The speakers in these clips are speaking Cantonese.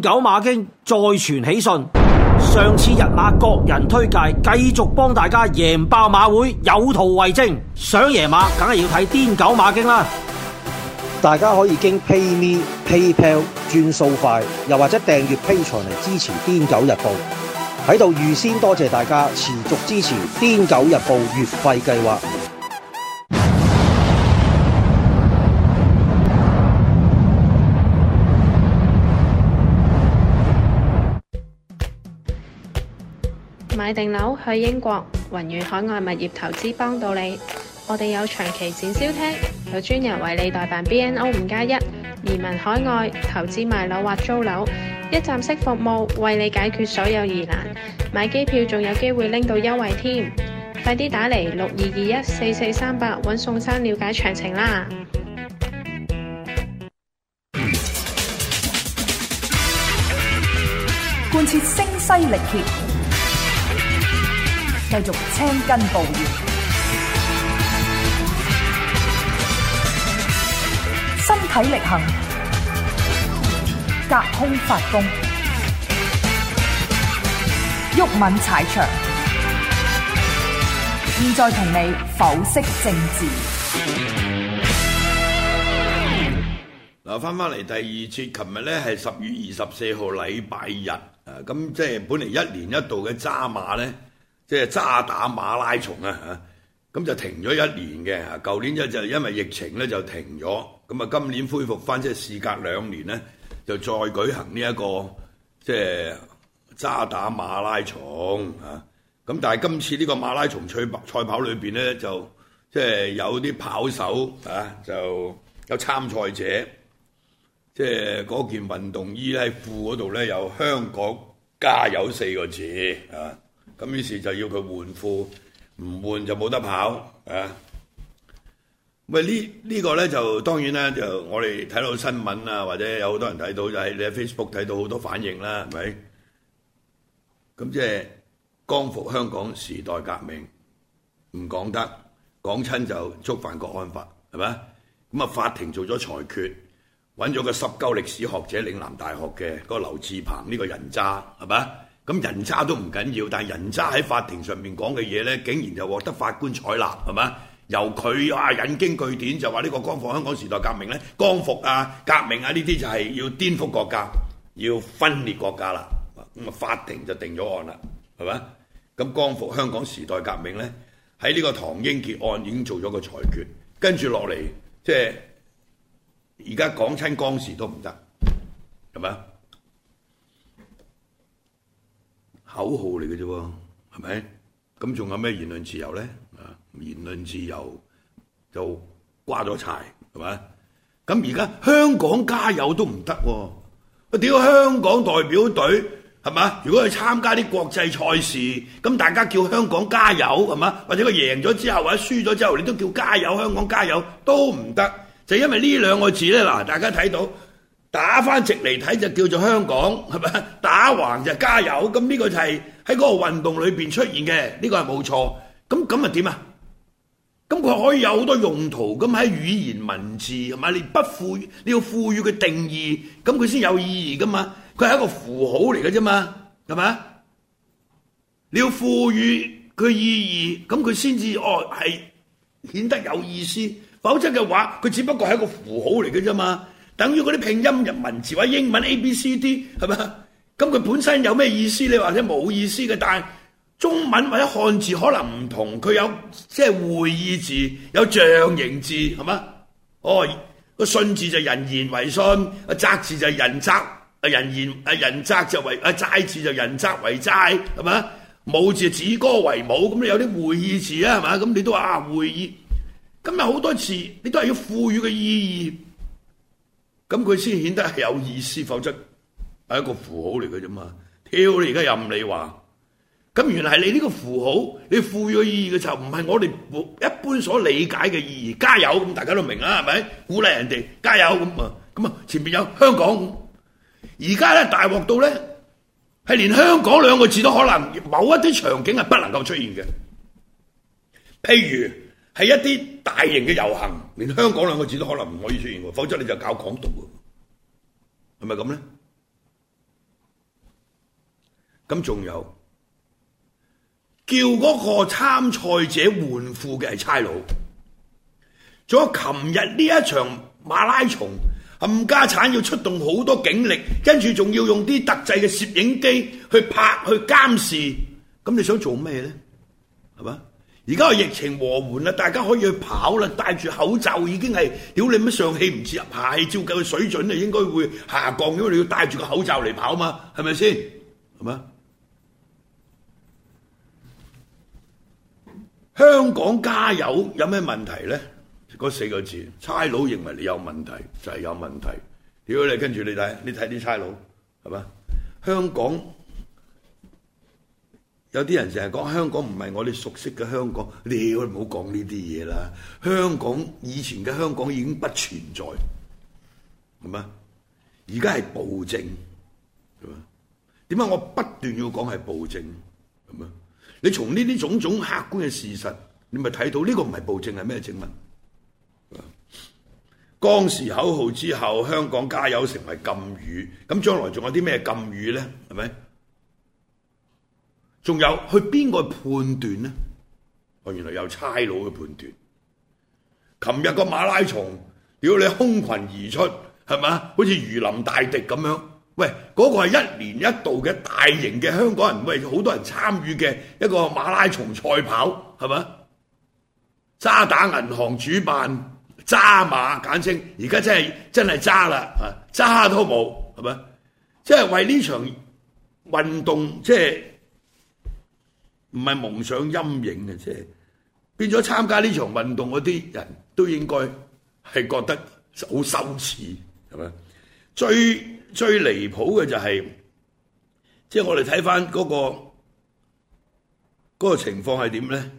癲狗馬經再傳喜訊，上次日馬各人推介，繼續幫大家贏爆馬會，有圖為證。想贏馬，梗係要睇癲狗馬經啦！大家可以經 PayMe、PayPal 轉數快，又或者訂閱 Patreon 嚟支持癲狗日報。喺度預先多謝大家持續支持癲狗日報月費計劃。買定樓去英國，宏遠海外物業投資幫到你。我哋有長期展銷廳，有專人為你代辦 BNO 五加一移民海外投資買樓或租樓，一站式服務為你解決所有疑難。買機票仲有機會拎到優惠添，快啲打嚟六二二一四四三八搵宋生了解詳情啦！貫徹聲嘶力竭。繼續青筋暴現，身體力行，隔空發功，毓民踩場。現在同你剖析政治。嗱，翻翻嚟第二次，琴日咧係十月二十四號禮拜日，誒，咁即係本嚟一年一度嘅揸馬咧。即係渣打馬拉松啊嚇，咁就停咗一年嘅嚇。舊年咧就因為疫情咧就停咗，咁啊今年恢復翻，即係事隔兩年咧就再舉行呢一個即係渣打馬拉松啊。咁、就是這個就是啊、但係今次呢個馬拉松賽跑賽跑裏邊咧就即係、就是、有啲跑手啊，就有參賽者，即係嗰件運動衣咧褲嗰度咧有香港加油四個字啊。咁於是就要佢換褲，唔換就冇得跑啊！喂，呢、這、呢個咧就當然呢，就我哋睇到新聞啊，或者有好多人睇到就喺你喺 Facebook 睇到好多反應啦，係咪？咁即係光復香港時代革命，唔講得講親就觸犯國安法係咪？咁啊法庭做咗裁決，揾咗個十鳩歷史學者嶺南大學嘅嗰個劉智鵬呢個人渣係咪？咁人渣都唔緊要，但係人渣喺法庭上面講嘅嘢呢，竟然就獲得法官採納，係嘛？由佢啊引經據典就話呢個光復香港時代革命呢，光復啊革命啊呢啲就係要顛覆國家，要分裂國家啦。咁啊法庭就定咗案啦，係嘛？咁光復香港時代革命呢，喺呢個唐英傑案已經做咗個裁決，跟住落嚟即係而家講親光時都唔得，係嘛？口號嚟嘅啫喎，係咪？咁仲有咩言論自由呢？啊，言論自由就瓜咗柴，係咪？咁而家香港加油都唔得喎，屌香港代表隊，係咪？如果去參加啲國際賽事，咁大家叫香港加油，係咪？或者佢贏咗之後或者輸咗之後，你都叫加油香港加油都唔得，就因為呢兩個字呢，嗱，大家睇到。打翻直嚟睇就叫做香港，係咪？打橫就加油。咁呢個就係喺嗰個運動裏面出現嘅，呢、呢個係冇錯。咁咁又點啊？咁佢可以有好多用途。咁喺語言文字同埋你不賦予，你要賦予佢定義，咁佢先有意義噶嘛？佢係一個符號嚟嘅啫嘛，係咪，你要賦予佢意義，咁佢先至哦係顯得有意思。否則嘅話，佢只不過係一個符號嚟嘅啫嘛。等於嗰啲拼音入文字或者英文 A B C D 係嘛？咁佢本身有咩意思呢？或者冇意思嘅？但係中文或者漢字可能唔同，佢有即係、就是、會意字，有象形字係嘛？哦，個信字就人言為信，啊責字就人責，啊人言啊人責就為啊債字就人責為債係嘛？武字止戈為武，咁你有啲會意字啊係嘛？咁你都話會意，今日好多詞你都係要賦予嘅意義。咁佢先顯得係有意思，否則係一個符號嚟嘅啫嘛。挑你而家任你話，咁原來係你呢個符號，你賦予意義嘅時候，唔係我哋一般所理解嘅意義。加油咁大家都明啦，係咪？鼓勵人哋加油咁啊，咁啊，前面有香港，而家咧大鑊到咧，係連香港兩個字都可能某一啲場景係不能夠出現嘅，譬如，係一啲大型嘅遊行，連香港兩個字都可能唔可以出現喎，否則你就搞港獨喎，係咪咁咧？咁仲有叫嗰個參賽者換褲嘅係差佬。仲有琴日呢一場馬拉松，冚家鏟要出動好多警力，跟住仲要用啲特製嘅攝影機去拍去監視，咁你想做咩咧？係嘛？而家係疫情和緩啦，大家可以去跑啦，戴住口罩已經係，屌你乜上氣唔接下氣，照計個水準咧，應該會下降，因為你要戴住個口罩嚟跑嘛，係咪先？係嘛？香港加油有咩問題咧？嗰四個字，差佬認為你有問題就係有問題，屌你，跟住你睇，你睇啲差佬係嘛？香港。有啲人成日講香港唔係我哋熟悉嘅香港，你唔好講呢啲嘢啦。香港以前嘅香港已經不存在，係咪？而家係暴政，係咪？點解我不斷要講係暴政？係咪？你從呢啲種種客觀嘅事實，你咪睇到呢個唔係暴政，係咩證明？光時口號之後，香港加油成為禁語，咁將來仲有啲咩禁語咧？係咪？仲有去邊個判斷呢？我原來有差佬嘅判斷。琴日個馬拉松，如果你空群而出，係咪？好似如臨大敵咁樣。喂，嗰個係一年一度嘅大型嘅香港人，喂，好多人參與嘅一個馬拉松賽跑，係咪？渣打銀行主辦，渣馬簡稱，而家真係真係渣啦，啊，渣都冇，係咪？即係為呢場運動，即係。唔係夢想陰影嘅啫，變咗參加呢場運動嗰啲人都應該係覺得好羞恥，係咪？最最離譜嘅就係，即係我哋睇翻嗰個嗰個情況係點咧？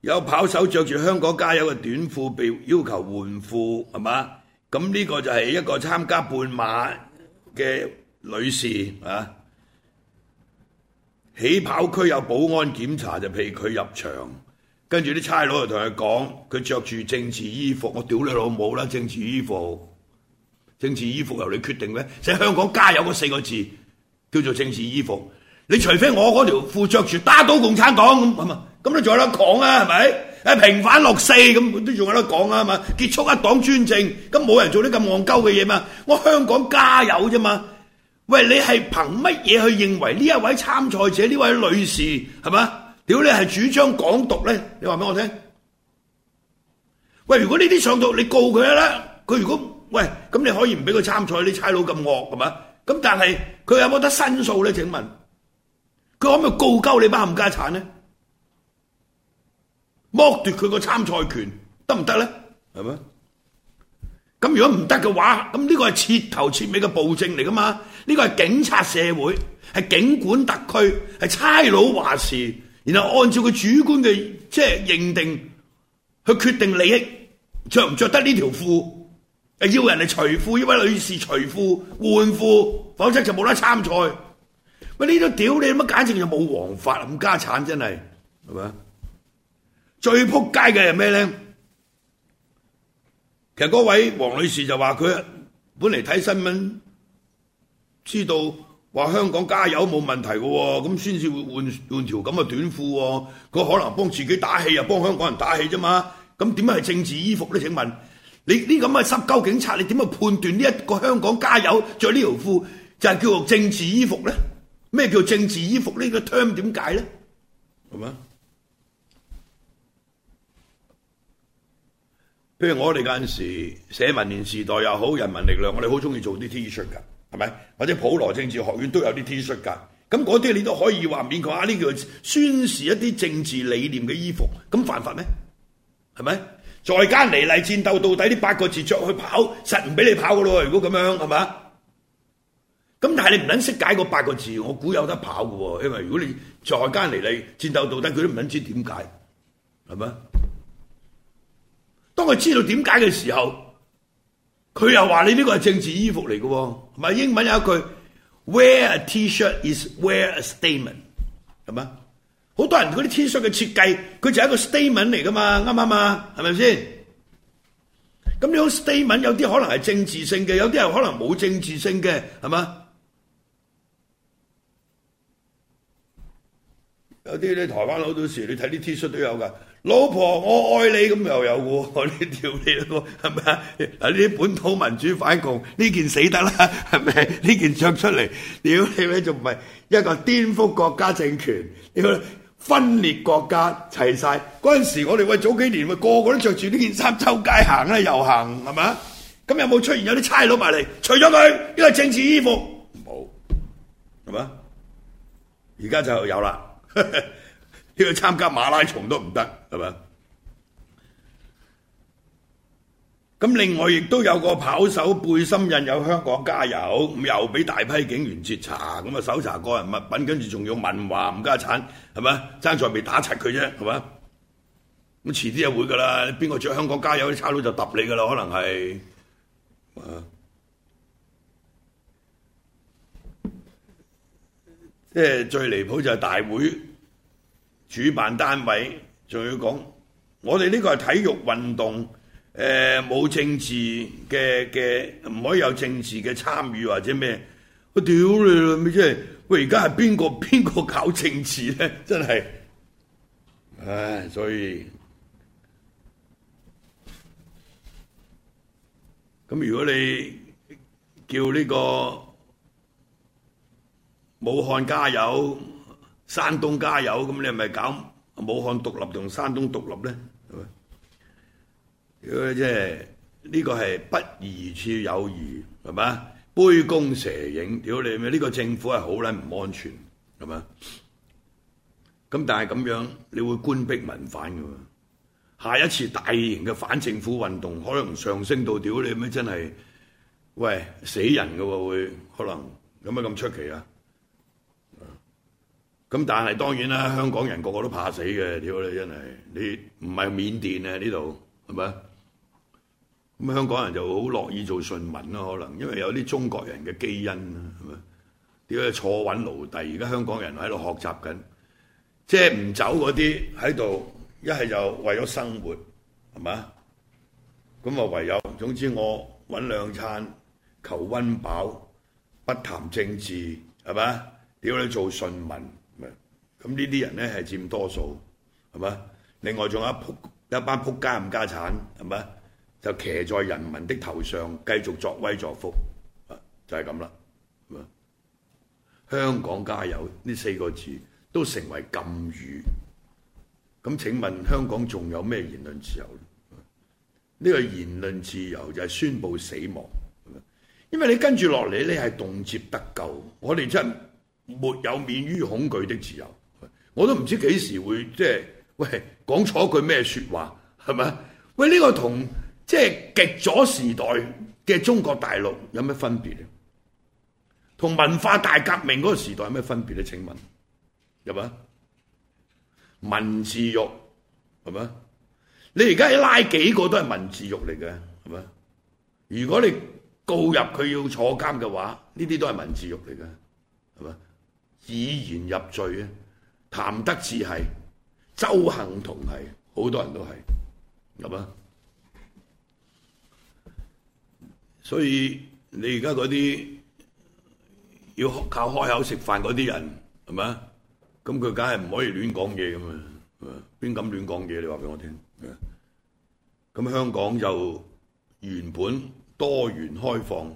有跑手着住香港加油嘅短褲被要求換褲，係嘛？咁呢個就係一個參加半馬嘅女士啊！起跑區有保安檢查就俾佢入場，跟住啲差佬就同佢講：佢着住政治衣服，我屌你老母啦！政治衣服，政治衣服由你決定咩？寫香港加油嗰四個字叫做政治衣服，你除非我嗰條褲著住打倒共產黨咁，咁啊咁你仲有得講啊？係咪？誒，平反六四咁都仲有得講啊嘛？結束一黨專政，咁冇人做啲咁戇鳩嘅嘢嘛？我香港加油啫嘛！喂，你係憑乜嘢去認為呢一位參賽者呢位女士係嘛？屌你係主張港獨咧？你話俾我聽。喂，如果呢啲上到，你告佢啦。佢如果喂咁，你可以唔俾佢參賽。你差佬咁惡係嘛？咁但係佢有冇得申訴咧？請問佢可唔可以告鳩你班冚家鏟咧？剝奪佢個參賽權得唔得咧？係嘛？咁如果唔得嘅話，咁呢個係徹頭徹尾嘅暴政嚟噶嘛？呢個係警察社會，係警管特區，係差佬話事，然後按照佢主觀嘅即係認定，去決定利益着唔着得呢條褲，要人嚟除褲，呢位女士除褲換褲，否則就冇得參賽。喂，呢都屌你，乜簡直就冇王法，冚家產真係係咪啊？最撲街嘅係咩咧？其實嗰位黃女士就話佢本嚟睇新聞。知道話香港加油冇問題嘅喎，咁先至會換換條咁嘅短褲喎。佢可能幫自己打氣，又幫香港人打氣啫嘛。咁點解係政治衣服咧？請問你呢，咁嘅濕鳩警察，你點樣判斷呢一個香港加油着呢條褲就係叫做政治衣服咧？咩叫政治衣服呢？呢個 term 點解咧？係嘛？譬如我哋嗰陣時社民連時代又好，人民力量，我哋好中意做啲 T 恤㗎。係咪？或者普羅政治學院都有啲 T 恤噶，咁嗰啲你都可以話免佢啊？呢叫宣示一啲政治理念嘅衣服，咁犯法咩？係咪？再加嚟嚟戰鬥到底呢八個字，着去跑，實唔俾你跑噶咯？如果咁樣，係嘛？咁但係你唔撚識解嗰八個字，我估有得跑噶喎，因為如果你再加嚟嚟戰鬥到底，佢都唔撚知點解，係嘛？當佢知道點解嘅時候。佢又話：你呢個係政治衣服嚟嘅，同英文有一句，wear a T-shirt is wear a statement，係嘛？好多人嗰啲 T-shirt 嘅設計，佢就係一個 statement 嚟嘅嘛，啱唔啱啊？係咪先？咁呢種 statement 有啲可能係政治性嘅，有啲又可能冇政治性嘅，係嘛？有啲你台灣好多時你睇啲 T-shirt 都有噶。老婆，我愛你咁又有喎？呢條你係咪啊？啊呢啲本土民主反共呢件死得啦，係咪？呢件着出嚟，屌你咩？仲唔係一個顛覆國家政權，要分裂國家，齊晒嗰陣時我，我哋喂早幾年咪個個都着住呢件衫，周街行咧遊行，係咪啊？咁有冇出現有啲差佬埋嚟？除咗佢，呢個政治衣服冇，係嘛？而家就有啦。呵呵去參加馬拉松都唔得，係嘛？咁另外亦都有個跑手背心印有香港加油，咁又俾大批警員截查，咁啊搜查個人物品，跟住仲要問話冚家產，係咪？爭在未打柒佢啫，係咪？咁遲啲又會噶啦，邊個着「香港加油」啲差佬就揼你噶啦，可能係。即係 最離譜就係大會。主辦單位仲要講，我哋呢個係體育運動，誒、呃、冇政治嘅嘅，唔可以有政治嘅參與或者咩？我屌你，咪即係我而家係邊個邊個搞政治咧？真係，唉，所以咁如果你叫呢個武漢加油。山東加油咁，你咪搞武漢獨立同山東獨立咧，係咪？如果即係呢個係不疑處有疑，係嘛？杯弓蛇影，屌你咩？呢個政府係好撚唔安全，係嘛？咁但係咁樣，你會官逼民反嘅喎。下一次大型嘅反政府運動，可能上升到屌你咩？真係喂死人嘅喎，會可能有咩咁出奇啊？咁但係當然啦，香港人個個都怕死嘅，屌你真係，你唔係緬甸啊呢度，係咪？咁香港人就好樂意做順民咯，可能因為有啲中國人嘅基因啦，係咪？屌你坐穩奴隸，而家香港人喺度學習緊，即係唔走嗰啲喺度，一係就為咗生活，係咪？咁啊唯有，總之我揾兩餐求溫飽，不談政治，係咪？屌你做順民。咁呢啲人呢係佔多數，係嘛？另外仲有一一班仆街冚家產，係嘛？就騎在人民的頭上，繼續作威作福，就係咁啦。香港加油呢四個字都成為禁語。咁請問香港仲有咩言論自由呢？呢個言論自由就係宣布死亡，因為你跟住落嚟，你係動輒得咎。我哋真沒有免於恐懼的自由。我都唔知幾時會即係，喂，講錯一句咩說話係咪？喂，呢個同即係極左時代嘅中國大陸有咩分別咧？同文化大革命嗰個時代有咩分別咧？請問，係咪文字獄係咪？你而家拉幾個都係文字獄嚟嘅係咪？如果你告入佢要坐監嘅話，呢啲都係文字獄嚟嘅係咪？以言入罪啊！譚德志係，周幸彤係，好多人都係，咁啊。所以你而家嗰啲要靠開口食飯嗰啲人，係咪啊？咁佢梗係唔可以亂講嘢噶嘛？邊敢亂講嘢？你話俾我聽。咁香港就原本多元開放、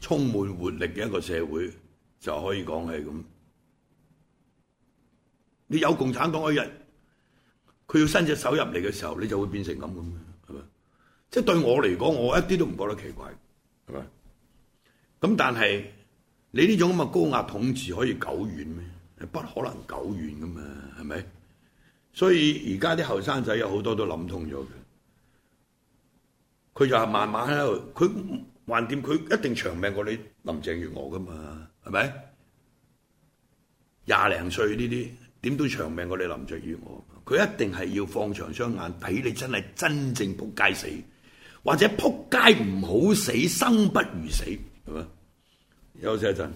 充滿活力嘅一個社會，就可以講係咁。佢有共產黨嗰人，佢要伸隻手入嚟嘅時候，你就會變成咁咁嘅，係咪？即係對我嚟講，我一啲都唔覺得奇怪，係咪？咁但係你呢種咁嘅高壓統治可以久遠咩？不可能久遠噶嘛，係咪？所以而家啲後生仔有好多都諗通咗嘅，佢就係慢慢喺度，佢橫掂佢一定長命過你林鄭月娥噶嘛，係咪？廿零歲呢啲。點都長命，過你林著與我，佢一定係要放長雙眼睇你，真係真正撲街死，或者撲街唔好死，生不如死，係嘛？休息一陣。